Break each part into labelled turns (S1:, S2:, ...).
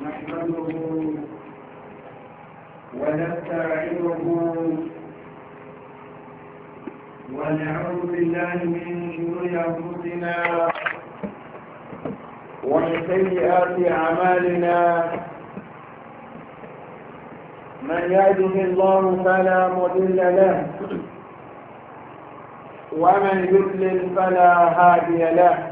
S1: نحمده ونستعينه ونعوذ بالله من شرور انفسنا ومن سيئات اعمالنا من يهده الله فلا مضل له ومن يضلل فلا هادي له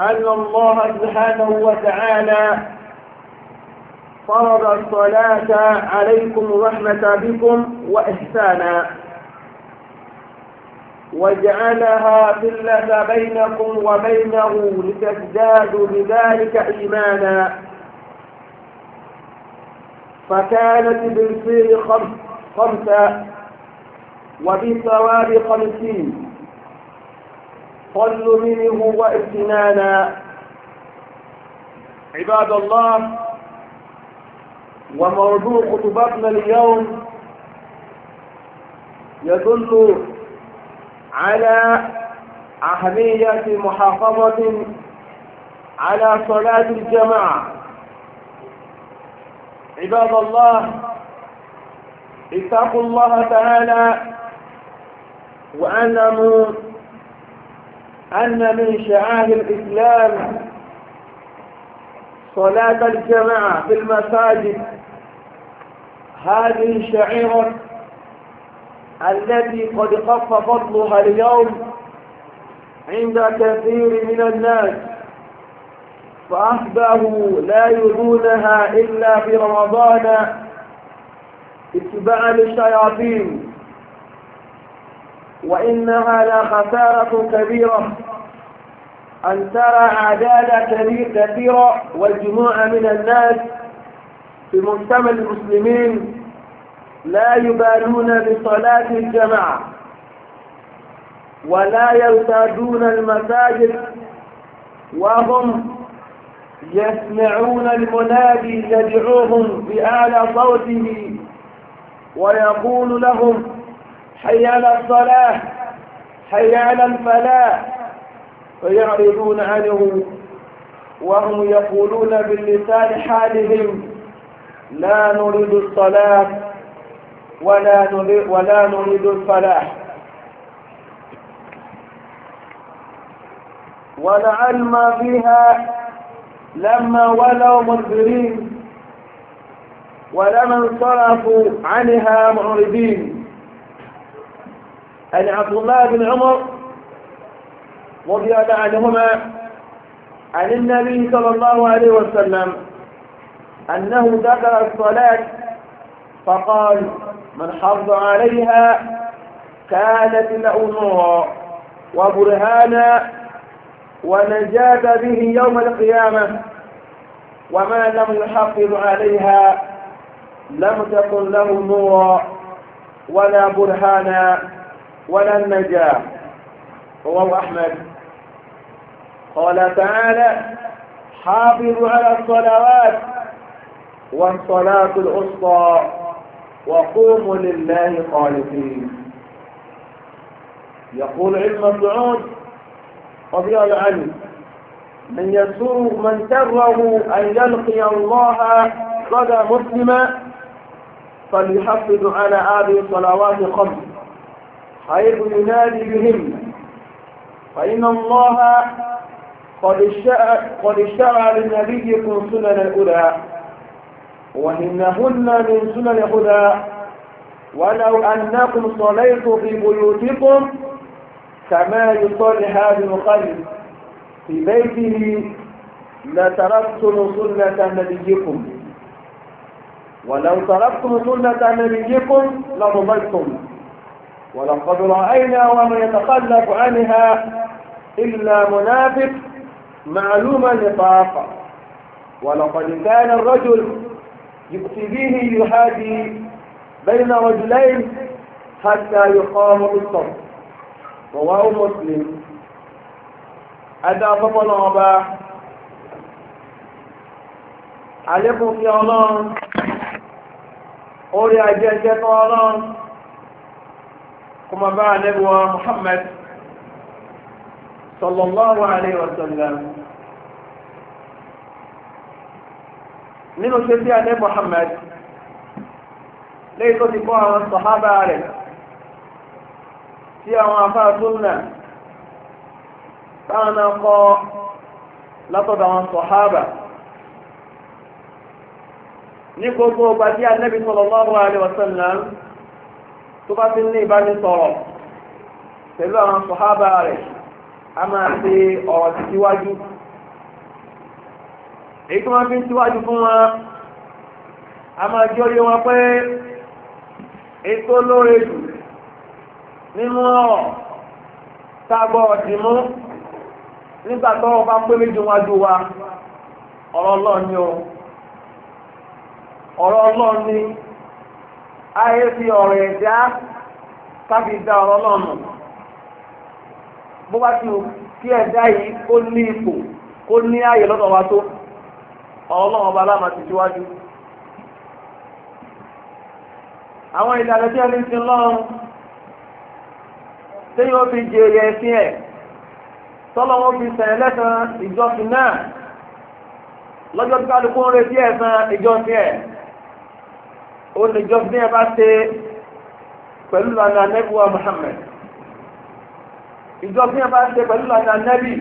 S1: أن الله سبحانه وتعالى فرض الصلاة عليكم رحمة بكم وإحسانا وجعلها قلة بينكم وبينه لتزدادوا بذلك إيمانا فكانت بالصير خمسة وبالثواب خمسين فضل منه وامتنانا عباد الله وموضوع خطبتنا اليوم يدل على أهمية محافظة على صلاة الجماعة عباد الله اتقوا الله تعالى وألموا أن من شعائر الإسلام صلاة الجماعة في المساجد هذه الشعيرة التي قد خف فضلها اليوم عند كثير من الناس فأحبه لا يدونها إلا في رمضان اتباع للشياطين وإنها لخسارة كبيرة أن ترى أعداد كثيرة والجموع من الناس في مجتمع المسلمين لا يبالون بصلاة الجماعة ولا يرتادون المساجد وهم يسمعون المنادي يدعوهم بأعلى صوته ويقول لهم حي على الصلاة حي على الفلاح فيعرضون عنه وهم يقولون باللسان حالهم لا نريد الصلاة ولا نريد, ولا نريد الفلاح ولعل ما فيها لما ولوا مدبرين ولما انصرفوا عنها معرضين أن عبد الله بن عمر رضي الله عنهما عن النبي صلى الله عليه وسلم أنه ذكر الصلاة فقال من حفظ عليها كانت له نورا وبرهانا ونجاة به يوم القيامة وما لم يحفظ عليها لم تكن له نورا ولا برهانا ولا النجاة رواه أحمد قال تعالى حافظوا على الصلوات والصلاة الأسطى وقوموا لله خالقين يقول علم مسعود رضي الله عنه من يسر من سره أن يلقي الله صدى مسلما فليحفظ على هذه الصلوات خمس حيث ينادي بهم فإن الله قد اشترى, قد اشترى لنبيكم سنن الهدى وإنهن من سنن الهدى ولو أنكم صليتم في بيوتكم كما يصلي هذا القلب في بيته لتركتم سنة نبيكم ولو تركتم سنة نبيكم لضللتم ولقد رأينا وما يتخلف عنها إلا منافق معلوم النفاق ولقد كان الرجل يؤتي به يهادي بين رجلين حتى يقام الصف رواه مسلم أدى فطن أبا عليكم يا الله أولي أجل الله kuma baa ànábì wa Muhammad sallallahu alayhi wa sallam nínú ṣe a Muhammad lẹ́yìn tó ti kọ́ àwọn sàhábà rẹ̀ tí àwọn afáàtúnnà táwọn náà kọ́ látọ̀dọ̀ àwọn ní gbogbo ọgbà tí sallallahu alayhi wa sallam tó bá ti ní ìbánisọ̀rọ̀ pẹ̀lú àwọn sọ̀hábà rẹ̀ a máa ṣe ọ̀rọ̀ ti síwájú èyí tó máa fi ń síwájú fún wa a máa jẹ́ oyé wọn pé ètò lóore jù nínú ọ̀rọ̀ tágbọ́ ọ̀dì mú nígbà tó wọn bá pé méjì wájú wa ọ̀rọ̀ ọlọ́ọ̀ni o ọ̀rọ̀ ọlọ́ọ̀ni ayé fi ọrụ ẹ̀dá káfí dá ọ̀rọ̀ lọ́nà bó bá ti kí ẹ̀dá yìí kó ní ipò kó ní ààyè wa tó ọlọ́run ọba aláàmà ti síwájú àwọn ìlànà tí ẹni ti lọ́run tí yóò fi jèrè ẹ ẹ̀ tọ́lọ́wọ́ fi sẹ̀rẹ̀ lẹ́sàn ìjọsìn náà lọ́jọ́ tí kálukú ń retí ẹ̀sán ìjọsìn ẹ̀ ó lè jọ bí ẹ bá ṣe pẹ̀lú lànà nẹ́bí wa ìjọ bí ẹ bá ṣe pẹ̀lú o nẹ́bí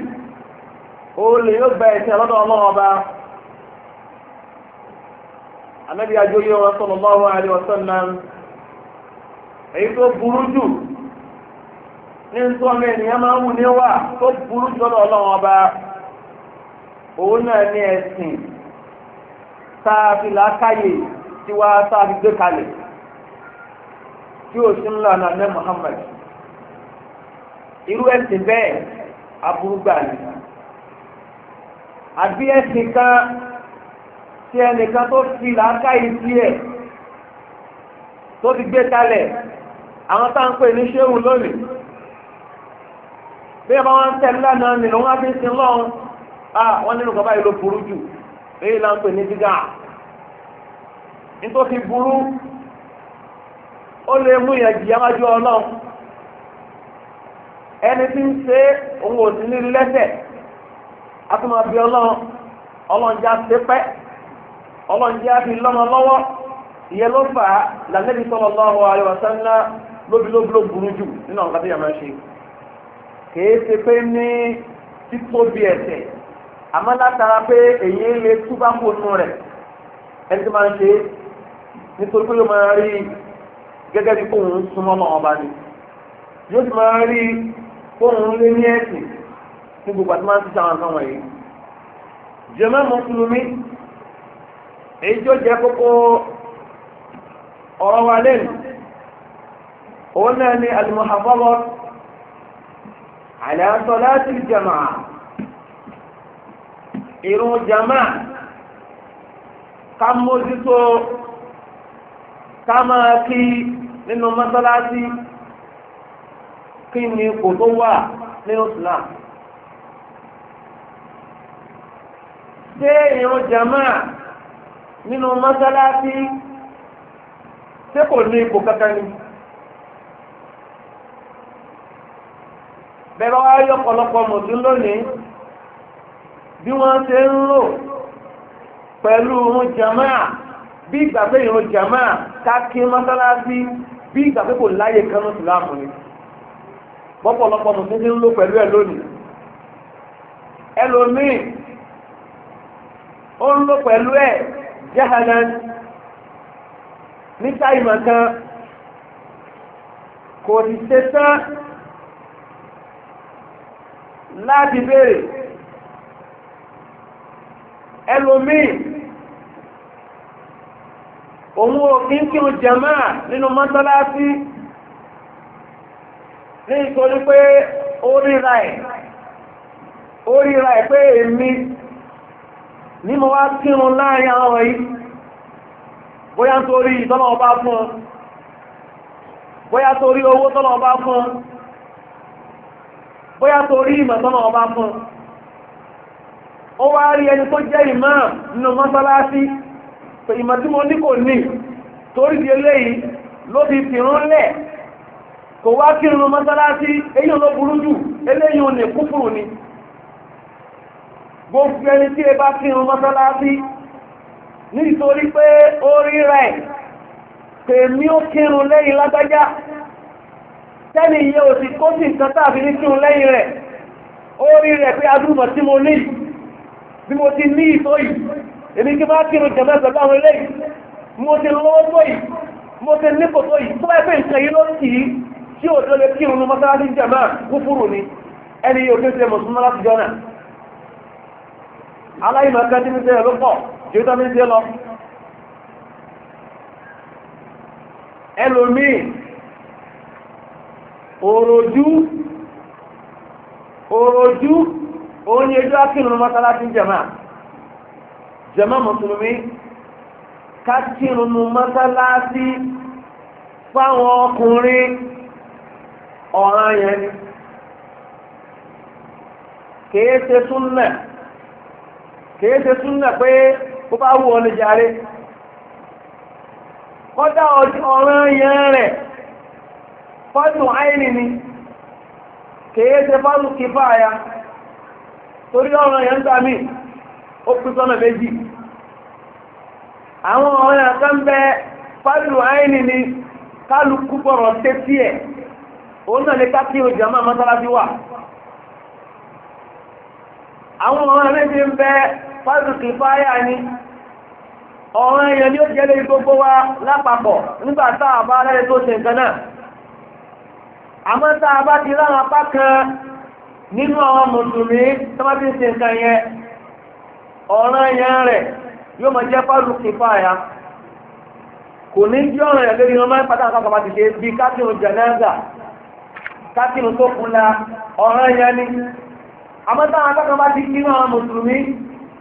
S1: ó lè yóò gba ẹ̀sìn lọ́dọ̀ ọlọ́run ọba anabi ajoyé wọn sallallahu alaihi wasallam èyí tó burú jù ní nsọ́mọ ènìyàn máa ń wù ní wà tó burú jù lọ́dọ̀ ọlọ́run ọba òun náà ní ẹ̀sìn tá a tí wá tá a fi gbé kalẹ̀ tí ó sì ń lọ àná ní Muhammad irú ẹ̀sìn bẹ́ẹ̀ aburú gbà ní. àbí ẹ̀sìn kan tí ẹnìkan tó fi làákàyè tiẹ̀ tó ti gbé kalẹ̀ àwọn tá ń pè ní ṣéhù lónìí bí ẹ bá wọn tẹ lánàá nínú wọn á fi sin lọ́hùn-ún ah, wọn nínú kọ́ báyìí ló burú jù èyí là ń ní dídá tó fi burú ó lè mú yẹn jìyà wájú ọlọ́run ẹni tí ń ṣe òun ò sí ní lẹ́sẹ̀ atúmọ̀bí ọlọ́run ọlọ́run já ṣe pẹ́ ọlọ́run já fi lọ́mọ lọ́wọ́ ìyẹn ló fà á lànàbí sallallahu alaihi wasallam lóbílóbíló burú jù nínú àwọn kàtẹ́yà máa ṣe kìí ṣe pé ní títóbi ẹ̀ṣẹ̀ àmọ́ látara pé èyí lè túbá kó nù rẹ̀ ẹni tó máa ń ṣe nítorí pé yóò máa rí gẹ́gẹ́ bí kóhun súnmọ́ náà ọba ni yóò sì máa rí kóhun lé ní ẹ̀sìn ní gbogbo àti máa ń sísan àwọn wọ̀nyí. jẹ́mọ́ mùsùlùmí èyí tó jẹ́ kókó ọ̀rọ̀ wa lẹ́nu òun náà ni alimuhafọ́bọ́ àlàáṣọ láti jẹ̀mọ́ irun jama ká mójútó ká máa kí nínú mọ́sálásí kí ni kò tó wà nínú Islam ṣé ìrun jamaa nínú mọ́sálásí ṣé kò ní ipò kankan ni. bẹ́ẹ̀ bá wá yọ ọ̀pọ̀lọpọ̀ mọ̀tún lónìí bí wọ́n ṣe ń lò pẹ̀lú ohun jamaa bí ìgbà pé jamaa takị káàkí mọ́sálásí bí ìgbà pé kò láyé kan lóṣù láàmú ni bọ́pọ̀lọpọ̀ mùsùlùmí ń lò pẹ̀lú ẹ̀ lónìí ẹlòmíì ó ń lò pẹ̀lú ẹ̀ jahanan níta ìmọ̀ kan kò ní ṣe tán láti béèrè ẹlòmíì òun ò kí ń kí o jẹ̀mọ́ nínú mọ́sálásí ní ìtorí pé ó ríra ẹ̀ pé èmi ní wá kírun láàrin àwọn yìí bóyá ń torí ìtọ́nà ọba fún bóyá torí owó tọ́nà ọba fún bóyá torí ọba fún ó wá rí ẹni tó pé ìmọ̀ tí mo ní kò ní torí di eléyìí ló fi fi rán lẹ̀ kò wá kí irun mọ́sálásí eyín ló burú jù eléyìí ò ní kúfùrù ni gbogbo ẹni tí ẹ bá kí irun mọ́sálásí nítorí pé orí rẹ̀ tèmi ó kírun lẹ́yìn lágbájá tẹ́lì iye òsì kó sì nǹkan tàbí ní kírun lẹ́yìn rẹ̀ ó rí rẹ̀ pé adúmọ̀ tí mo ní bí mo ti ní ìtó yìí èmi kí máa kírun jẹ̀mọ́ pẹ̀lú àwọn eléyìí mo ti lọ́wọ́ tó yìí mo ti ní kòtò yìí tó báyìí pé nǹkan yìí ló sì yìí tí ò tó lè kírun ní mọ́sálásí jẹ̀mọ́ kúfúrú ni ẹni yóò kí ń ṣe mùsùlùmí láti jọ náà aláìmọ̀ kan tí mi ṣe ló pọ̀ tí ó tọ́ mi jàmá musulumi ká masalasi fáwọn ọkùnrin ọ̀ràn yẹn ni ṣe súnnà kìí ṣe súnnà pé kó bá wù ọ jàre kọ́dá ọ̀ràn yẹn rẹ̀ ya torí ọ̀ràn yẹn ń gbà ó àwọn ọ̀rẹ́ kan bẹ fáìlù àìní ni kálukú gbọ́rọ̀ ẹ̀ náà máa mọ́sálásí wà àwọn ọ̀rẹ́ méjì ń bẹ fáìlù ni èèyàn ni ó jẹ́ gbogbo wa lápapọ̀ nígbà táà bá tó ṣe nǹkan náà àmọ́ táà bá ti ráwọn apá kan nínú àwọn mùsùlùmí tó bá ti ṣe nǹkan yóò máa jẹ́ fáàlù kìfà ya kò ní jẹ́ ọ̀rọ̀ ẹ̀ lórí ọmọ ìpàdé àwọn akọ̀kọ̀ ti ṣe bí kátìrù jẹ̀nẹ́gà kátìrù tó kún la ọ̀rọ̀ yẹn ni àmọ́ táwọn akọ̀kọ̀ bá ti kírun àwọn mùsùlùmí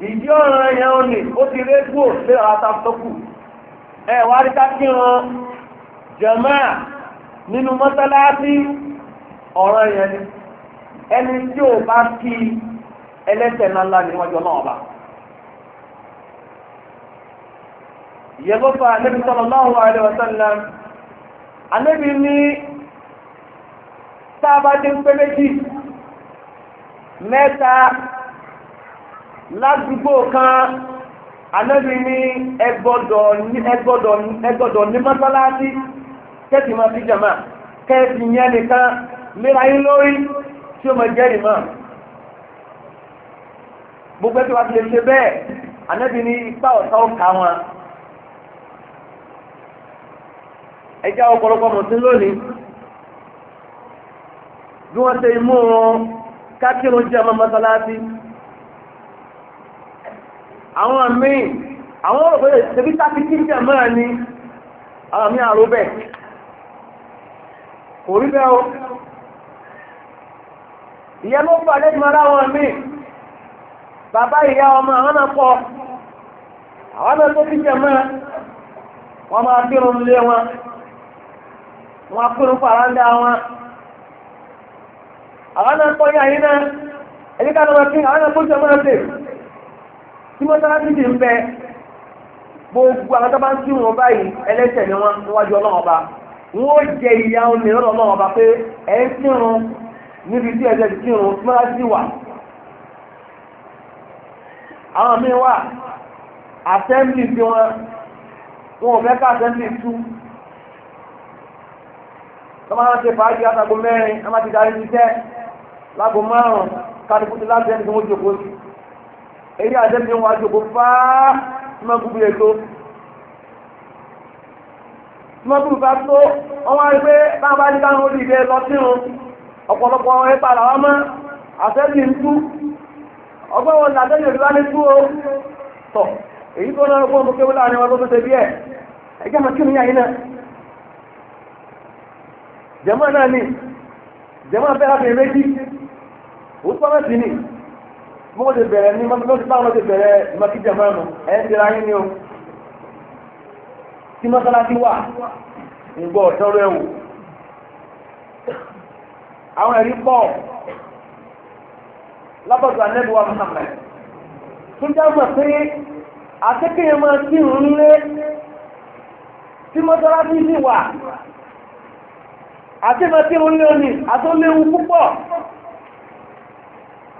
S1: ìdí ọ̀rọ̀ yẹn ò ní ó ti ré kúrò lé àwọn atáfókù ẹ wá rí kátìrù jẹ̀mọ́ nínú mọ́sálásí ọ̀rọ̀ yẹn ni ẹni tí ò bá kí ẹlẹ́sẹ̀ náà ìyẹn ló fa ànábì sallallahu alaihi wasallam ní tá a bá dé ń pé méjì mẹ́ta ládùúgbò kan ànábì ní ẹ gbọ́dọ̀ ẹ gbọ́dọ̀ ẹ gbọ́dọ̀ ní mọ́sálásí kẹ́sì máa fi jàmá kẹ́sì yẹn nìkan léra yín lórí tí ó máa jẹ́ ìmọ̀ gbogbo ẹ̀ tí wàá fi lè ṣe bẹ́ẹ̀ ànábì ní ipá ọ̀tá ọ̀ka wọn. ẹjá ọ̀pọ̀lọpọ̀ mọ̀tí lónìí bí wọ́n ṣe mú wọn kákírun jẹ́ ọmọ mọ́sálásí àwọn míì àwọn ọ̀rọ̀ pẹ̀lú ṣebí tákìtì jẹ́ mọ́ra ní àwọn míì àrò bẹ́ẹ̀ kò rí bẹ́ẹ̀ o ìyẹn ló fà lẹ́gbẹ̀ẹ́ wọn míì bàbá ìyá ọmọ àwọn náà àwọn náà tó ti jẹ́ mọ́ra wọ́n máa kírun lé wọn wọn akúrú faranda wọn àwọn náà tọ́ yá yín náà lọ́wọ́ sí àwọn náà tí wọ́n sára ti ń bẹ gbogbo àwọn bá ń wọn báyìí ẹlẹ́sẹ̀ ni wọ́n níwájú ọlọ́wọ́ bá ó jẹ ìyá ọlọ́wọ́ bá pé ẹ̀ ń níbi tí ẹ̀jẹ̀ ti tí wà àwọn wà assembly wọn ò fẹ́ ká assembly tọ́mọ́ àwọn ṣe fàájì látago mẹ́rin a máa ti darí iṣẹ́ lágo márùn-ún kálukú ti láti ẹni tí wọ́n jòkó sí èyí àjẹ́bí wọn àjòkó fáá tí wọ́n gúgbé ètò tí wọ́n gúgbé bá tó wọ́n wá rí pé báwọn bá ní káwọn orí ilé lọ sírun ọ̀pọ̀lọpọ̀ wọn ẹ̀pà làwọn mọ́ àṣẹ́bí ń tú ọgbọ́n wọn làṣẹ́bí òdúrà ní tú o tọ̀ èyí tó náà fún ọmọ kéwọ́n láàrin wọn tó tó ṣe bí ẹ̀ ẹ̀jẹ̀ mọ̀ kí ni àyín jẹ́mọ́ náà ní jẹ́mọ́ fẹ́ méjì ó tọ́ mẹ́sì ní mo ti bẹ̀rẹ̀ ní ti bẹ̀rẹ̀ ìmọ̀kí nù ni o tí mọ́sálásí wà ǹgbọ́ ọ̀tọ́rọ̀ ẹ̀wò àwọn ẹ̀rí pọ̀ lábọ̀dọ̀ anẹ́bùwà Muhammad tí mọ́sálásí sì wà àtẹ́fẹ́ tí ó àtọ́léwu púpọ̀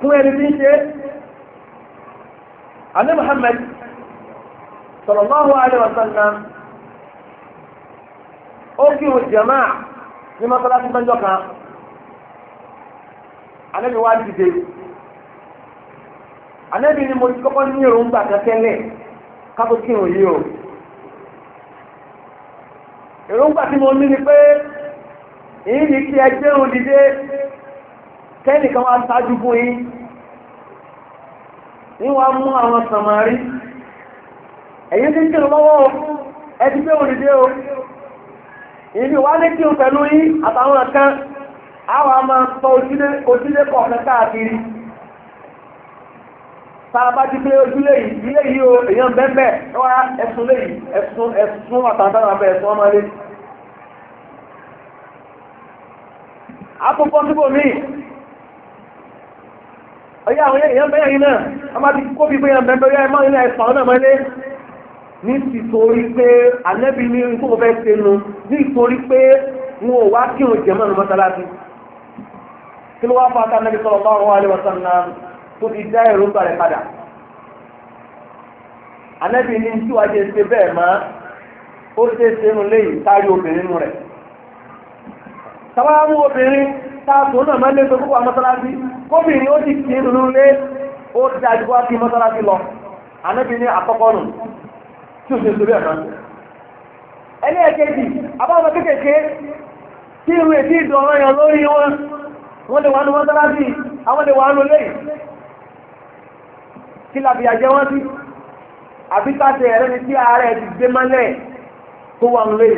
S1: fún ẹni tí ń ṣe alẹ́ Muhammad sallallahu alaihi ó kí o jẹ̀má ní mọ́sálásí mẹ́jọ kan dìde alẹ́bí ni mo ti kọ́kọ́ ní èròǹgbà kan kí o yí o èròǹgbà tí mo ní ni èyí ni kí ẹgbẹ́ òdìdé kẹ́nìkan wá sáájú fún yí ní wá mú àwọn sàmàrí èyí tí kí lọ́wọ́ ẹgbẹ́ òdìdé o ìbí wá ní kí o pẹ̀lú yí àtàwọn kan àwọn a máa tọ ojúlé káàkiri o àpòpọ̀ síbò mí ọ̀yá àwọn èèyàn bẹ́ẹ̀ yìí náà a máa ti kó bíi pé èèyàn bẹ́ẹ̀ bẹ́ẹ̀ máa ń lẹ́ ẹ̀sán náà mọ́lé ní tìtorí pé àlẹ́bí ní ikú mo fẹ́ ṣe nu ní ìtorí pé wọn ò wá kí òun jẹ mọ́nu mọ́sálásí kí ló wá fa ká nẹ́bí sọ̀rọ̀ bá wọn àlẹ́wọ̀ sọ̀nà tó fi dá ẹ̀rọ ń balẹ̀ padà àlẹ́bí ní tí tàbámú obìnrin táàtò náà máa lé tó púpọ̀ mọ́sálásí kóbìnrin ó ti kí inú lé ó dájú wá sí mọ́sálásí lọ ànábì ní àkọ́kọ́ nù tí ó ṣe sórí ẹ̀kan ẹlẹ́ẹ̀kejì abáwọn kékèké tí irú èdè ìdọ̀rọ̀ yàn lórí wọn wọ́n lè wà nù mọ́sálásí àwọn lè wà nù lé kí làbí àjẹ́ wọn sí àbí káṣẹ ẹ̀rẹ́ni tí ààrẹ ti gbé mọ́lẹ̀ tó wà nù lé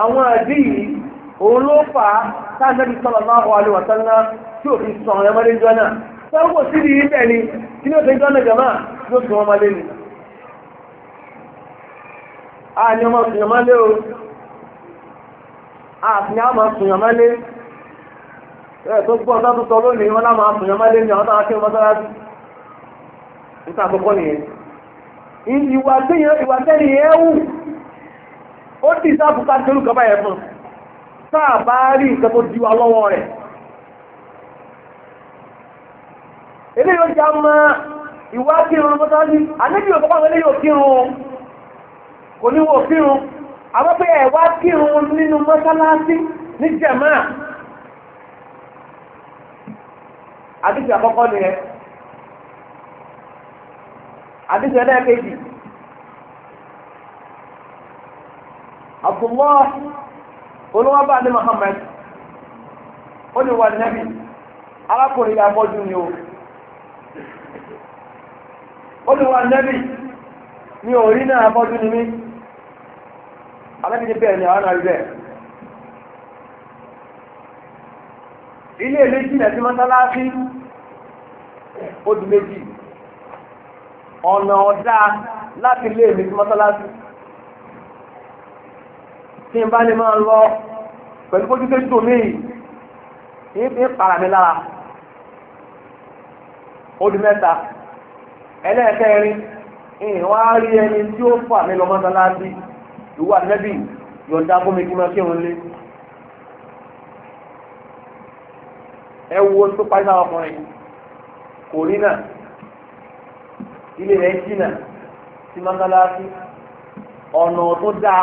S1: àwọn ẹ̀dí yìí òun ló fà á sáàbẹ́bí sallallahu alaihi wa sallam tí ò fi sọ àwọn ọmọdé jọ́nà sọ́wọ́ sí di ibẹ̀ ni kí ní òfin jọ́nà jọ̀mọ́ ló sọ ọmọdé ni. a ní ọmọ sùnyọ̀mọ́lé o a sì ní àmọ́ sùnyọ̀mọ́lé ẹ̀ tó gbọ́ ọ̀tá tó sọ lónìí wọn láwọn ni àwọn táwọn akéwọ́n mọ́sálásí níta àkọ́kọ́ nìyẹn ìwà tẹ́yìn ẹ̀wù ó dì sáàpù ká táà bá rí nǹkan tó di wa lọ́wọ́ rẹ̀ ilé yóò já mọ́ ìwá kírun mọ́tálí àníbi ò ilé yóò kírun kò ní wo kírun àwọn pé ẹ̀wá kírun nínú mọ́sálásí ní jẹ̀má àdìsí àkọ́kọ́ e àdìsí ẹlẹ́ẹ̀kejì Abdullah Onuwa bá ní Muhammad ó ní wà nẹ́bí arákùnrin ni o ó ní wà nẹ́bí ní orí náà ni mí alábìdí bẹ́ẹ̀ ni àwọn àríbẹ̀ ilé ilé jìnà sí mọ́sálásí ó di méjì ọ̀nà ọ̀dá láti lé èmi sí tí n bá lè máa lọ pẹ̀lú kójú tó dùn mí yìí ní para mi lára ó di mẹ́ta ẹlẹ́ẹ̀kẹrin ìwọ̀n á rí ẹni tí ó fà mí lọ mọ́sálásí ìwà nẹ́bì yọ̀ǹda fún mi kí máa kírun lé ẹ wo tó parí náà ọkùnrin kò rí náà ilé rẹ̀ jìnnà sí mọ́sálásí ọ̀nà tó dáa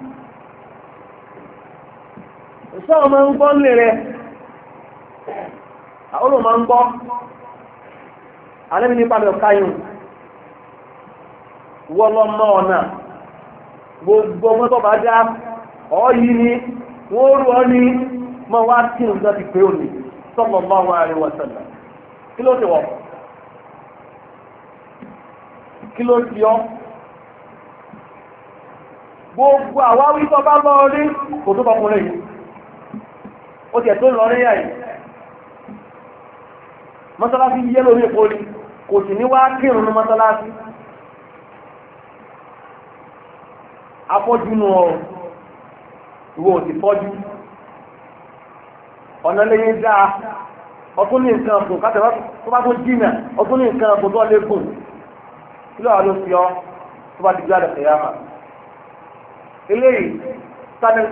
S1: sọ ọmọ ń gbọ́ nílé rẹ̀ àwọn ọmọ ń gbọ́ alẹ́mi nípa gbogbo ọmọ tó bá ni wọ́n rú ọ ní mọ wá kí n ti pé òní mọ́ gbogbo àwáwí tó bá lọ rí kò tó ó tẹ̀ tó lọ rẹ́yà yìí mọ́sálásí yẹ́ lórí epo ni kò sì ní wá o ní mọ́sálásí afọ́jú nu ọ̀rọ̀ ìwọ òsì fọ́jú ọ̀nà lẹ́yìn dáa ọtún ní nǹkan ọ̀gùn kátàbá tó jìnà ọtún ní nǹkan ọ̀gùn tó kí lọ́wọ́ ló fi tó bá eléyìí sábẹ́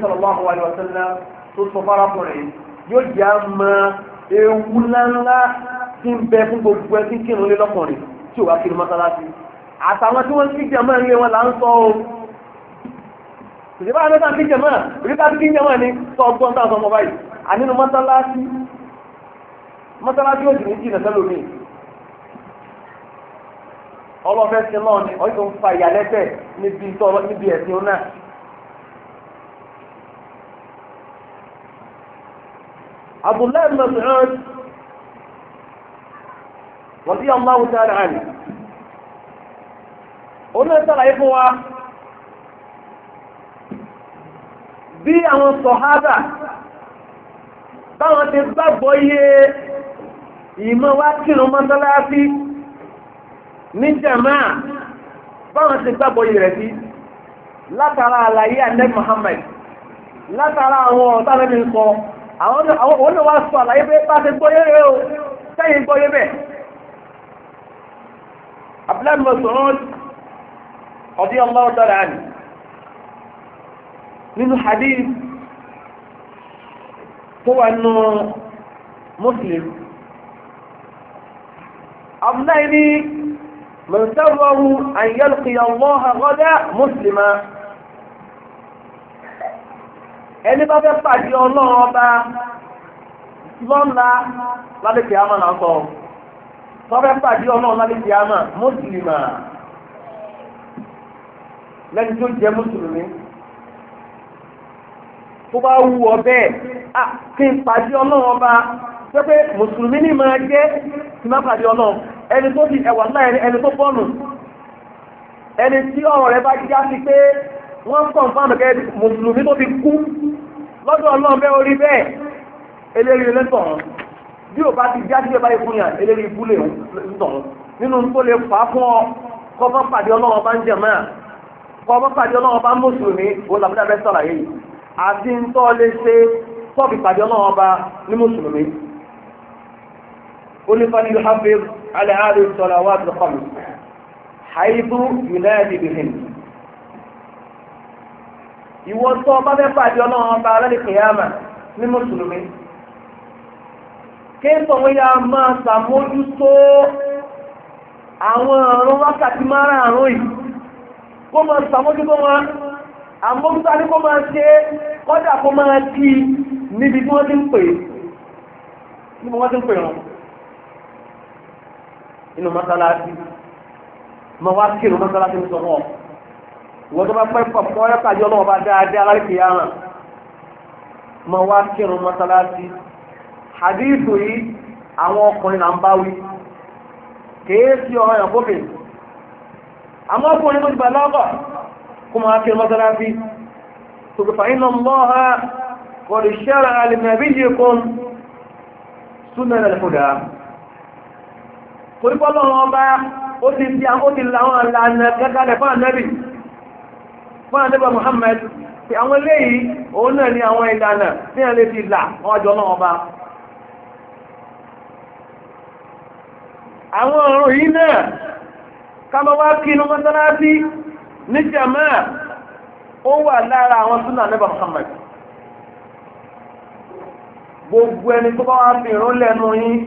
S1: tó sọ fárákùnrin yóò jẹ́ a mọ ewu ńláńlá tí ń bẹ fún gbogbo ẹ tí ń kírun lé lọ́kùnrin tí ò wá kiri mọ́sálásí àtàwọn tí wọ́n ń kíjẹ mọ́ ilé wọn là ń sọ o ìjọba àmẹ́ta ń kíjẹ mọ́ ìrítà ń kíjẹ mọ́ ni sọ ọgbọ́n táwọn ọmọ báyìí ànínú mọ́sálásí mọ́sálásí ò sì ní jìnà sẹ́lómi ọlọ́fẹ́ sí náà ni ọ̀yìn tó ń fa ìyàlẹ́tẹ̀ níbi ẹ̀sìn náà Abdullahi Mas'ud radiyallahu ta'ala anhu oní ṣàlàyé fún wa bí àwọn sọ̀hábà báwọn ti gbàgbọ́ iye ìmọ̀ wá kírun mọ́sálásí ní jàmáà báwọn ti gbàgbọ́ iye rẹ̀ sí látara àlàyé ànẹ́ Muhammad látara àwọn ọ̀tá lẹ́nu sọ àwọn olówó sọ àlàyé pé bá ti gbóyé rẹ̀ o sẹ́yìn gbóyé bẹ̀ abúlẹ́mù sọ̀rọ̀ ọdí ọlọ́wọ́ tọ́lá ní nínú hadith tó wà nù muslim abúlẹ́ ní mọ̀sánwọ́rù àyẹ́lùkìyàn lọ́ha muslima ẹni bá fẹ́ pàdé ọlọ́run ọba lọ́la lálẹ́kì àmà náà sọ tó fẹ́ pàdé ọlọ́run lálẹ́kì àmà mùsùlùmá lẹ́ni tó jẹ́ mùsùlùmí tó bá wù ọ bẹ́ẹ̀ à kí n pàdé ọlọ́run ọba pé pé mùsùlùmí ni máa jẹ́ tí má pàdé ọlọ́run ẹni tó di ẹ̀wà náà ẹni tó bọ́ọ̀nù ẹni tí ọ̀rọ̀ rẹ bá já sí pé wọ́n kọ̀ fáàmù kẹ́ mùsùlùmí tó ti kú lọ́dọ̀ ọlọ́run bẹ́ẹ̀ orí bẹ́ẹ̀ eléri lẹ́tọ̀ wọn bí o bá ti já sí ẹ̀bá ikú yàn eléri ikú lè nínú tó lè fà fún ọ kọ́ pàdé ọlọ́run ń jẹ̀ máa pàdé ọlọ́run mùsùlùmí òun làbúdà bẹ́ẹ̀ àti ń tọ́ lè ṣe tọ́ọ̀bì pàdé ọlọ́run ní mùsùlùmí onífàní ló hàfẹ́ alẹ́ àárẹ̀ sọ̀rọ̀ àwọn àti ìwọ tó ọba fẹ́ pàdé ọlọ́run ọba alẹ́ kìyàmà ní mùsùlùmí kéńtọ̀ wọn yà máa ṣàmójútó àwọn ọ̀rọ̀ wákàtí márààrún yìí kó máa ṣàmójútó wọn àmójútó ni kó máa ṣe kọ́dà kó máa kí níbi tí wọ́n ti ń pè níbi wọ́n ti ń pè wọn inú mọ́sálásí mọ́ wá kírun mọ́sálásí ń sọ náà ìwọ́n tó bá pẹ́ pọ̀ ẹ́kàjọ́ náà bá dáadáa láìpẹ́ yára máa wá kírun mọ́sálásí àdíìsù yìí àwọn ọkùnrin là ń bá wí kèé sí ọ̀rọ̀ èèyàn kókè àmọ́ ọkùnrin tó ti bàlá ọ̀bà kó máa kírun mọ́sálásí tòkùfà ti la àwọn ìlànà kẹ́kẹ́ fún àdébà Muhammad pé àwọn eléyìí òun náà ni àwọn ìlànà fi là ọjọ́ náà ọba àwọn ọ̀run yìí náà kámọ́ kí inú mọ́sálásí ní jàmá ó wà lára àwọn súnà àdébà Muhammad gbogbo ẹni tó bá wá fi ìrún lẹ́nu yín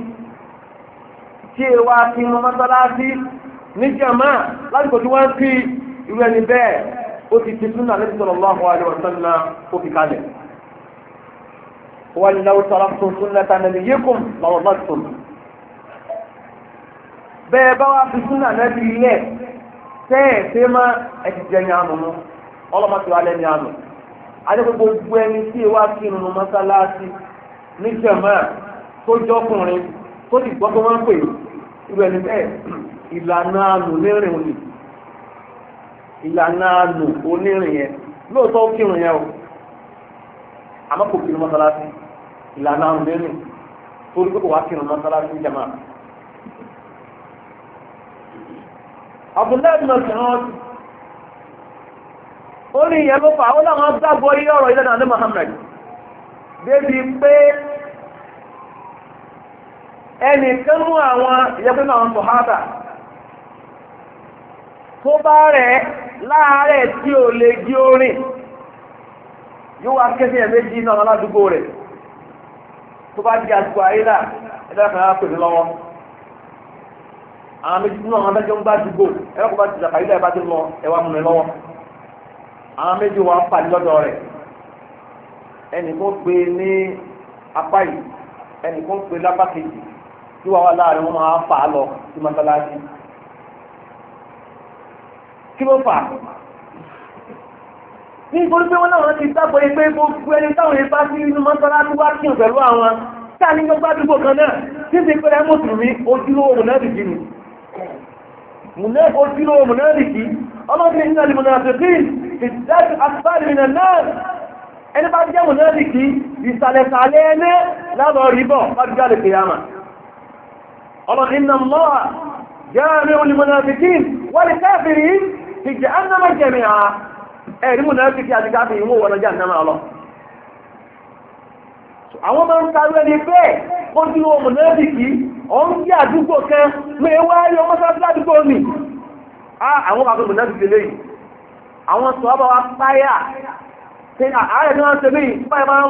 S1: tí ẹ wá kí inú mọ́sálásí ní lásìkò tí wọ́n ó ti ti súnà lẹ́yìn sallallahu alaihi wa sallam ó fi kalẹ̀. wọ́n ní láwùjọ sọ̀rọ̀ tó sunnata nabiyyikum làwọn bá tó. bẹ́ẹ̀ bá wá fi súnà lẹ́bi ilẹ̀ tẹ́ẹ̀ tẹ́ má ẹ̀jẹ̀ jẹ́ ní àmú ọlọ́mọ tó alẹ́ ní àmú. adékò gbogbo ẹni tí ì wá kí nínú mọ́sálásí ní jẹ̀mọ́ tó jọ́kùnrin tó ti gbọ́ tó wọ́n pè é ìrẹ̀lẹ̀ bẹ́ẹ̀ ìlànà àmú ní òní ìlànà àlò onírin yẹn lóòótọ́ ó kírun yẹn o àmọ́ kò kírun mọ́sálásí ìlànà àrùn lẹ́rìn torí pé kò wá kírun mọ́sálásí jama. Abdullahi bin Mas'ud ó ní ìyẹn ló fà ó láwọn gbàgbọ́ yí ọ̀rọ̀ ilẹ̀ náà ní Muhammad débi pé ẹnìkan mú àwọn ìyẹ́pẹ́ náà ń sọ tó bá rẹ̀ láàárẹ̀ tí ò lè jí orin yóò wá kẹ́sí ẹ̀ méjì náà aládùúgbò rẹ̀ tó bá jẹ́ àsìkò àyílà ẹ̀dá kan á pèsè lọ́wọ́ àwọn méjì náà àwọn mẹ́jọ ń bá dùgbò ẹ̀rọ kó bá ti sàkà àyílà ẹ̀ bá ti lọ ẹ̀wà múlẹ̀ lọ́wọ́ àwọn méjì wà ń pàdé lọ́dọ̀ rẹ̀ ẹnì kan pè ní apá yìí ẹnì kan pè lápá kejì tí wàá wà láàrin wọn máa fà á lọ sí mọ́tálásí kí ló fà nítorí pé wọ́n náà ti dápọ̀ ẹgbẹ́ gbogbo ẹni táwọn ẹgbẹ́ bá sí inú mọ́sálásí wá kí pẹ̀lú àwọn tí a ní gbogbo àdúgbò kan náà tí ti pẹ̀lẹ́ mùsùlùmí ojúlówó mùnádìkì ni ojúlówó mùnádìkì ọlọ́sìn nínú àlè mùnádìkì ìdájú asfáàlì nínú náà ẹni bá jẹ́ mùnádìkì ìsàlẹ̀sàlẹ̀ ẹlẹ́ lábọ̀ ríbọ̀ lábíjá lè kìyàmà ọlọ́sìn fi jahannama a ẹ̀rí munafiki àti káfí ìwọ̀n wọ̀nà jahannama lọ. àwọn máa ń sáré ẹni bẹ́ẹ̀ kó dúró munafiki ọ̀n kí àdúgbò kan lè wá ẹ̀rí ọmọ sáfẹ́ àdúgbò mi. àwọn bàbá munafiki lẹ́yìn àwọn máa ń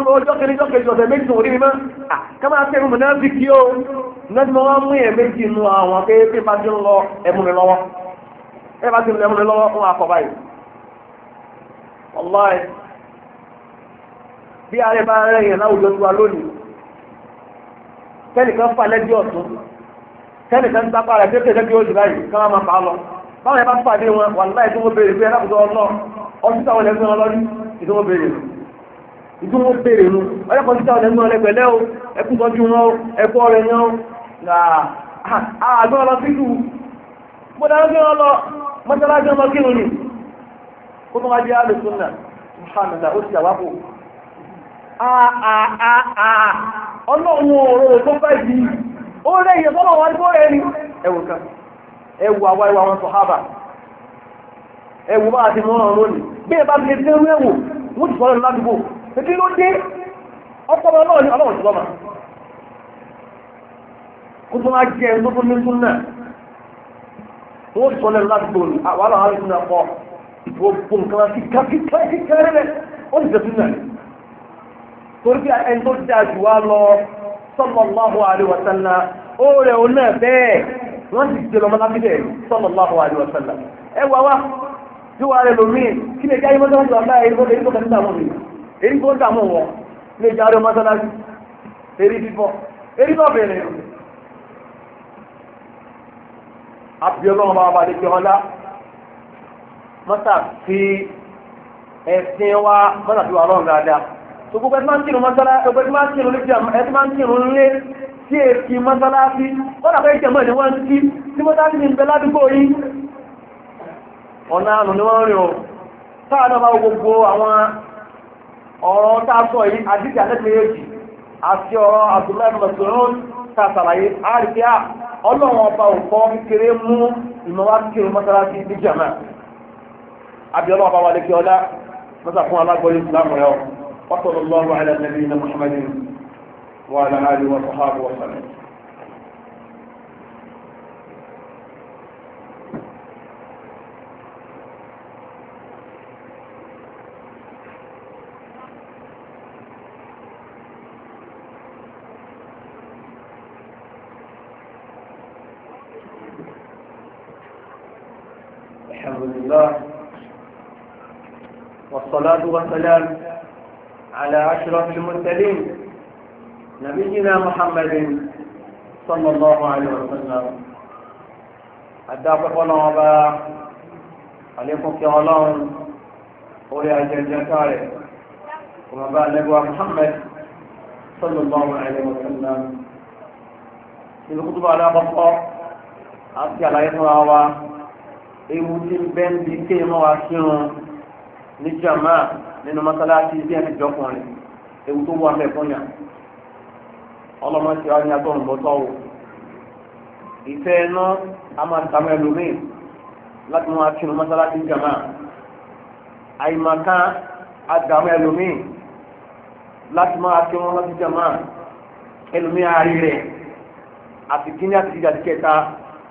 S1: lọ ọjọ́ méjì orí mímọ́ o náà mú àwọn bá lọ lọ́wọ́. ẹ bá ti lẹ́mú mi lọ́wọ́ fún akọ báyìí ọlọ́ọ̀ bí ààrẹ bá rẹ̀ yẹn láwùjọ tiwa lónìí kẹ́nìkan fà lẹ́jọ́ ọ̀tún kẹ́nìkan tápá rẹ̀ tẹ́tẹ́ lẹ́jọ́ òjì báyìí kí wọ́n máa fà á lọ báwọn yẹn bá pàdé wọn wà láì tó wọ́n béèrè pé ẹlẹ́kùnjọ ọlọ́ ọtí táwọn ẹlẹ́gbẹ́ wọn lọ́rí ìdúró béèrè mọ́sálásí ọmọ kí lónìí kó tó wájú àlè súnà mùsàlùmá àwápò ọlọ́run òòrùn tó fẹ́ yìí ó rẹ̀ yẹ tó rẹ̀ ẹwù kan ẹwù ìwà wọn sọ̀hábà ẹwù ti mọ́ ọ̀rọ̀ bí ẹ bá fi ṣe rú ẹwù ti ló dé ọpọlọ náà ọlọ́run wọ́n sọ lẹ́nu láti gbòòrò àwọn àwọn àwọn ìpínlẹ̀ pọ̀ wọ́n bò nǹkan kíkà kíkà kíkà rẹ̀ ó sì tẹ̀sí náà torí pé ẹni tó dáa jù wá lọ sallallahu alaihi wa sallam ó rẹ̀ ó náà bẹ́ẹ̀ wọ́n sì jẹ́ lọ́mọ lábí bẹ́ẹ̀ sallallahu alaihi wa sallam ẹ wá wá tí wàá rẹ̀ lómi kí lè jáde mọ́sálásí wàá àbí ọlọ́run bá wà lè fi ọlá mọ́tà fi ẹ̀sìn wa mọ́tà fi wà lọ́run dáadáa tó gbogbo ẹtí máa ń kírun mọ́sálá ẹgbẹ́ tí máa ń kírun lẹ́jà ẹtí máa ń kírun lé sí èsì mọ́sálá sí wọ́n dàbẹ́ ìjẹ̀mọ́ ìní wọ́n ń kí tí mọ́sálá sí ní ń bẹ ládùúgbò yìí ọ̀nà àrùn ni wọ́n rìn o táà náà máa gbogbo àwọn ọ̀rọ̀ tá a sọ yìí àdíjà lẹ́tẹ̀ẹ́ yìí àti ọ̀rọ̀ àbdùlá ọlọ́run ọba òkọ́ kékeré mú ìmọ̀ wá kí o mọ́sálásí ní jàmá abiola ọba wàlẹ̀ kí ọlá mọ́sà fún alágbọ́lé ìsìlámù rẹ̀ ọ́ wọ́n sọ̀rọ̀ lọ́wọ́ àlẹ́ nàbí iná muhammadin wà á lọ́hàlì والصلاة والسلام على أشرف المرسلين نبينا محمد صلى الله عليه وسلم أدافع الله أبا عليكم في الله أولي أجل وما بعد محمد صلى الله عليه وسلم في الخطبة على بطاق أبكي على يسر أوا ewu ti bẹ́ẹ̀ ní jàmá nínú mọ́sálásí bí ẹni jọkùnrin ewu tó wà mẹ́ fún yàn ọlọ́mọ ti wá ní atọ́rùn bọ́tọ́ o ìfẹ́ iná a máa tàmọ́ ẹlòmíì láti mú akínú mọ́sálásí jàmá àyìmọ̀ká àdàmọ́ ẹlòmíì láti mú akínú ẹlòmíì rẹ̀ àti kíní àti kẹta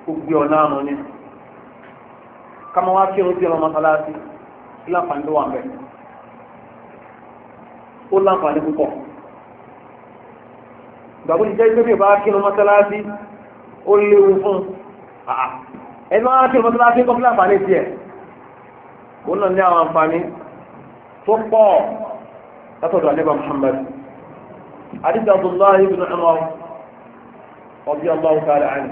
S1: gbogbo ọ̀nà àrùn ni kírun kí láǹfààní ló wà ń bẹ̀ ó láǹfààní púpọ̀ ìgbàgbọ́ ti jẹ́ pé bí ìbá kírun mọ́sálásí ó léwu fún ẹni máa kírun mọ́sálásí kọ́ fún láǹfààní tiẹ̀ ó náà ní àwọn àǹfààní tó pọ̀ látọ̀dọ̀ àníbà Muhammad àdìsí Abdullahi ibn Umar ọbí ọlọ́wọ́ káàdà àní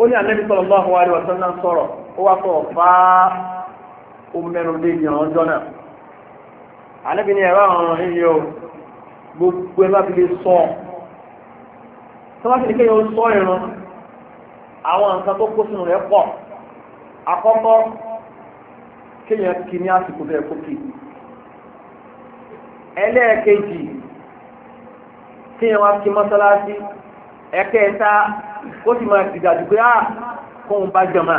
S1: ó ní ànábì sallallahu alaihi wasallam sọ̀rọ̀ ó wá sọ̀rọ̀ fáá ó mẹ́nu dé ìyàn ọjọ́ náà alẹ́bí ni ẹ̀rọ àwọn ẹ̀yẹ o gbogbo ẹ̀ bá fi lè sọ tó bá fi lè kéèyàn sọ ìran àwọn nǹkan tó kó sínú rẹ̀ pọ̀ àkọ́kọ́ kéèyàn kì ní àsìkò bẹ́ẹ̀ kó kì ẹlẹ́ẹ̀kejì kéèyàn wá kí mọ́sálásí ẹ̀kẹta kó sì máa dìgbà dùgbé à ah, kóun bá jọmọ́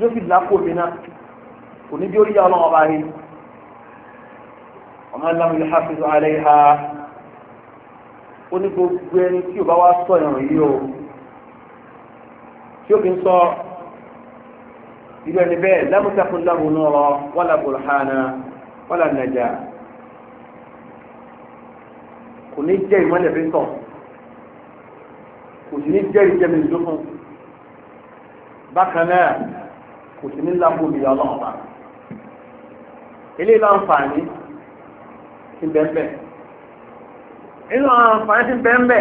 S1: yóò sì lápò mi náà kò ní bí ó rí ya ọlọ́run ọba yìí ọmọ ìlànà ilé hafizu alẹ́ ha ó ní gbogbo ẹni tí ò bá wá sọ ìrìn yìí o tí ó fi ń sọ irú ẹni bẹ́ẹ̀ lámùsàkùn láhùn náà rọ wàlà bùrhánà nàjà kò ní jẹ́ ìmọ̀lẹ̀ fi ń kò sì ní jẹ́ ìjẹ́mi ìdókun bákan náà kò sí ní lábò mi ọlọ́run bá eléyìí láǹfààní ti bẹ́ẹ̀ nínú àǹfààní ti bẹ́ẹ̀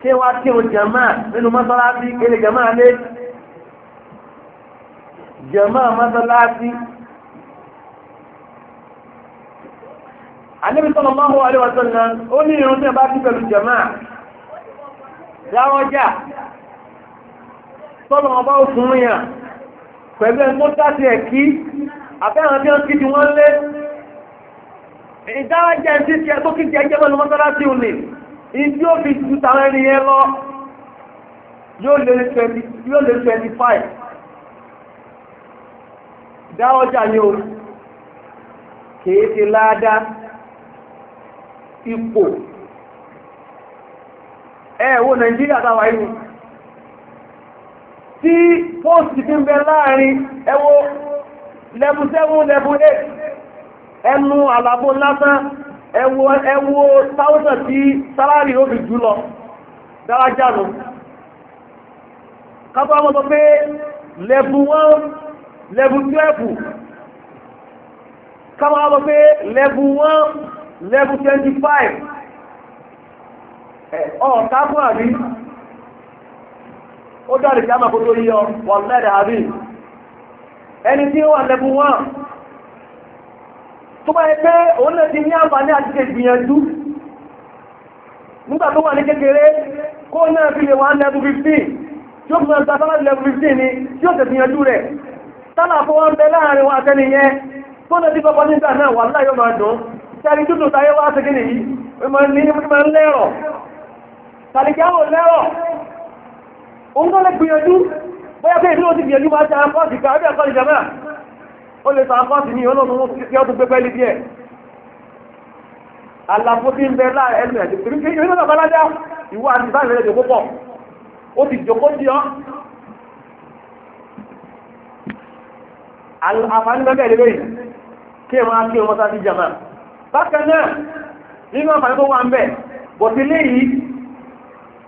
S1: kí wá kí o jàmá nínú mọ́sálásí kéde jàmá lé jàmá mọ́sálásí. Ànábì sallallahu alaihi wa sallam ó ní ìrun tí a bá kí pẹ̀lú jàmá láwọ́jà sọ́lọ́mọ́ bá ó fún yàn pẹ̀lú ẹmú tàbí ẹ̀kí àfẹ́hàn tí ó kí ti wọ́n lé ìdáwàjẹ́ tí ti ẹgbó kí ti ẹjẹ́ mẹ́lú mọ́sálásí òní ìdí ó fi ju tàwọn ẹni yẹn lọ yóò lé 25 dáwọ́jà ni o kìí ti láádá ipò ẹ̀wọ̀ Nàìjíríà táwà yìí tí fóòsì fi ń bẹ láàrin ẹwọ lẹ́bù 7 lẹ́bù 8 ẹnu àlàbò lásán ẹwọ ẹwọ táwọ́sàn tí sálárì ó fi jù lọ kápá wọn pé lẹ́bù 1 lẹ́bù 12 kápá wọn pé lẹ́bù 1 lẹ́bù 25 ọ̀ọ̀ká fún àrí ó dọ̀rì kí a máa kó tó yíyọ wọ́n lẹ́rẹ̀ àbí ẹni tí ó wà lẹ́bùn wọn tó bá yẹ pé òun náà ti ní àǹfààní àti ṣe gbìyànjú nígbà tó wà ní kékeré kó náà fi lè wà lẹ́bùn 15 tí ó fi máa gbàtọ́lá lẹ́bùn 15 ni tí ó sì gbìyànjú rẹ̀ tálà fọwọ́ ń bẹ láàrin wa àtẹnìyẹn tó náà ti kọ́kọ́ nígbà náà wà láyọ̀ máa dùn tẹ́lí tútù táyé wá ṣe kí nìyí ó máa ń lẹ́rọ̀ òun tó lè gbìyànjú bóyá pé ìdúró ti gbìyànjú máa ṣe àkọ́ọ̀sì ká ẹgbẹ́ ẹ̀kọ́ ìjọba ó lè sọ àkọ́ọ̀sì ní ọlọ́run tí ó tún gbé pẹ́lú díẹ̀ àlàfo tí ń bẹ láàrin ẹnu ẹ̀dùn torí pé ìrìnà balájá ìwà àti ìbáyìí lè jòkó pọ̀ ó ti jòkó sí ọ àǹfààní mẹ́bẹ̀ lè lóyìn kí ẹ máa kí ọmọ sáà sí jàmá bákan náà nínú àǹfààní tó wà ń bẹ̀ bọ̀ sí léyìí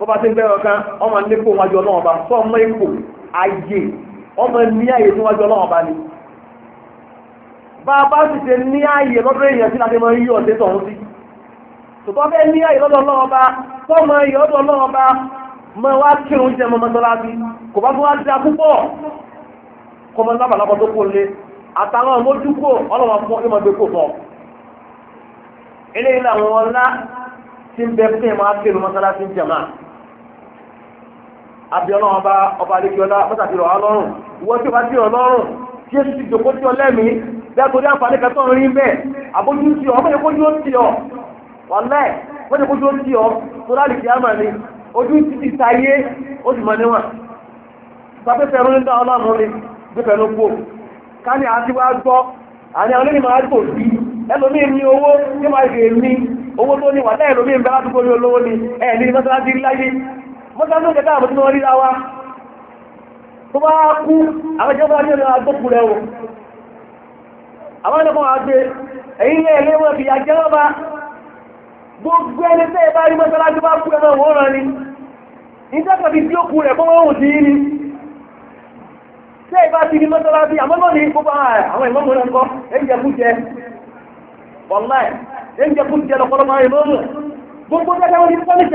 S1: bọ́bá ti ń bẹ́rọ kan ọmọ nípò wájú ọlọ́run ọba fọ́ ọmọ ipò ayé ọmọ ní ààyè tó wájú ọba ni bá a bá sì ṣe ní ààyè lọ́dọ̀ èèyàn sí láti mọ iye ọ̀dẹ́ tọ̀hún sí tòtọ́ fẹ́ ní lọ́dọ̀ ọba fọ́ ọba fún ìmọ̀ ti abiola ọba ọba adékiọlá mọ́tàdé rọ̀ ọlọ́run ìwọ tí o bá dé ọlọ́run tí èsì ti jòkó tí ọ lẹ́mìí bẹ́ẹ̀ tó dé àǹfààní kan tó ń rí bẹ́ẹ̀ àbójú ti ọ mọ́tẹ́ kójú ó ti ọ wàlẹ́ mọ́tẹ́ kójú ó ti ọ tó láti kí á mà ní ojú ti mọ́sánú ìjẹta àbójú wọn ríra wa tó bá kú àwẹjọba ní ọ̀nà agbókù rẹ̀ o àwọn ẹlẹ́kùn àgbẹ̀ èyí ní ẹ̀lẹ́ wọn fi àjẹ́ lọ́ba gbogbo ẹni tẹ́ bá rí mọ́sánú bá kú ẹ̀mọ́ wọn rán ni ìjọba ti tí ó kú rẹ̀ fọ́wọ́ òun sí ní tẹ́ bá ti rí mọ́sánú bí àmọ́ náà ní gbogbo àwọn ìmọ̀ mọ́ra ńkọ́ ẹ̀jẹ̀ kú jẹ wọ́n láì kú jẹ lọ́pọ̀lọpọ̀ àwọn ìmọ̀ mọ́ gbogbo dáadáa wọn ti fọ́nìṣ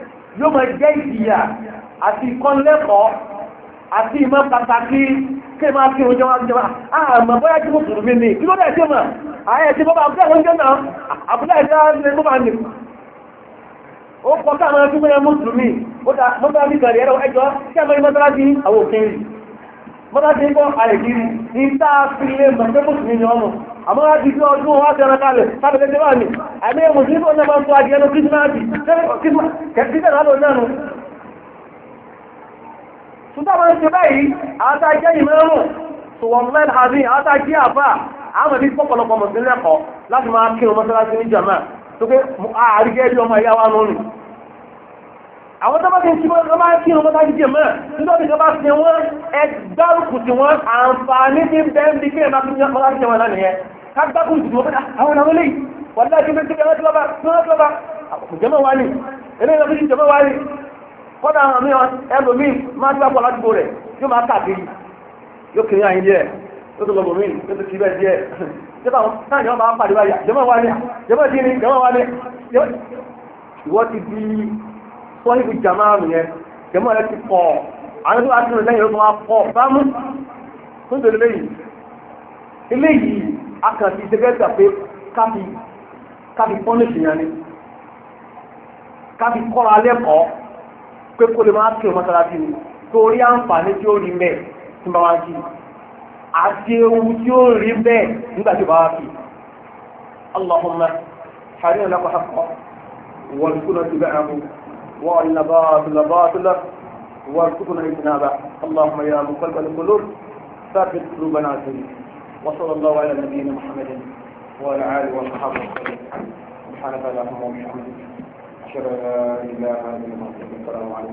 S1: yóò máa jẹ́ ìjìyà àti ìkọ́nlẹ́kọ̀ọ́ àti ìmọ̀ pàtàkì kí máa fi oúnjẹ wá jẹba àmọ́ bóyá tí mùsùlùmí ni kí ló dẹ̀ ṣe mọ̀ ààyè tí bọ́bá àbúlé oúnjẹ náà àbúlé ẹ̀dá ní bọ́bá nì ó kọ́ káàmọ́ ẹ̀fí mọ́ mùsùlùmí ó dá mọ́tàlá ní kàrí ẹ̀rọ mọ́tàdé ń bọ́ àìdírí ní táà fi lè mọ̀ pé kò sí nínú ọmọ àmọ́ láti fi ọdún wá tẹ́ra kalẹ̀ sábẹ̀lẹ̀ tẹ́wà ní àmì ẹ̀mọ̀ sí ìbọn náà máa ń tó adìẹ ní kírísímáàtì kẹsíkẹ̀ lálọ́ náà nù ṣùgbọ́n máa ń ṣe báyìí àátá jẹ́ ìmọ̀rún tó wọ́n mẹ́rin àbí àátá jẹ́ àbá àwọn ẹbí pọ̀pọ̀lọpọ̀ mọ̀ sí ní jàmáà tó pé àárí gẹ́gẹ́ bí ọmọ ìyá wa àwọn tó bá ti ṣí wọ́n máa kí wọn bá jíjẹ mọ́ nígbà tí wọ́n bá ṣe wọ́n ẹgbẹ́rùkù tí wọ́n àǹfààní tí ń bẹ́ ń bí kí ẹ̀má fi wọ́n láti wọn lánìí ẹ kágbákùn tí wọ́n àwọn àwọn ilé wọ́n láti fi ṣe wọ́n bá wọ́n bá jẹ́mọ̀ wá ní ilé ìlọ́bí ti jẹ́mọ̀ wá ní kọ́dà àwọn mìíràn ẹlòmí máa gbá pọ̀ ládùúgbò rẹ̀ yóò máa kàkiri yóò kiri àyín díẹ̀ yóò tó lọ́bọ̀ míì yóò tó kiri bẹ́ẹ̀ díẹ̀ jẹ́mọ̀ táyà wọn bá ń pàdé wáyà jẹ́mọ̀ wá ní jẹ́mọ̀ dín ní jẹ́mọ̀ wá ní ìwọ́ ti di wọ́n níbi jama'a mi yẹn ti pọ̀ àwọn tó wà nínú ọdún wa bámú tó ń tẹ̀lé eléyìí akànfi ṣẹgẹ́gbà pé káfi pọ́nìṣì yẹn ni káfi kọ́ra lẹ́kọ̀ọ́ pé kó lè máa o àǹfààní tí ó rí mẹ́ tí bá wá àti ewu tí ó rí mẹ́ nígbà وارنا باطل باطل وارتقنا اجتنابه اللهم يا مقلب القلوب ثبت قلوبنا فيه وصلى الله على نبينا محمد وعلى اله وصحبه وسلم سبحانك اللهم وبحمدك اشهد ان لا اله الا انت السلام عليكم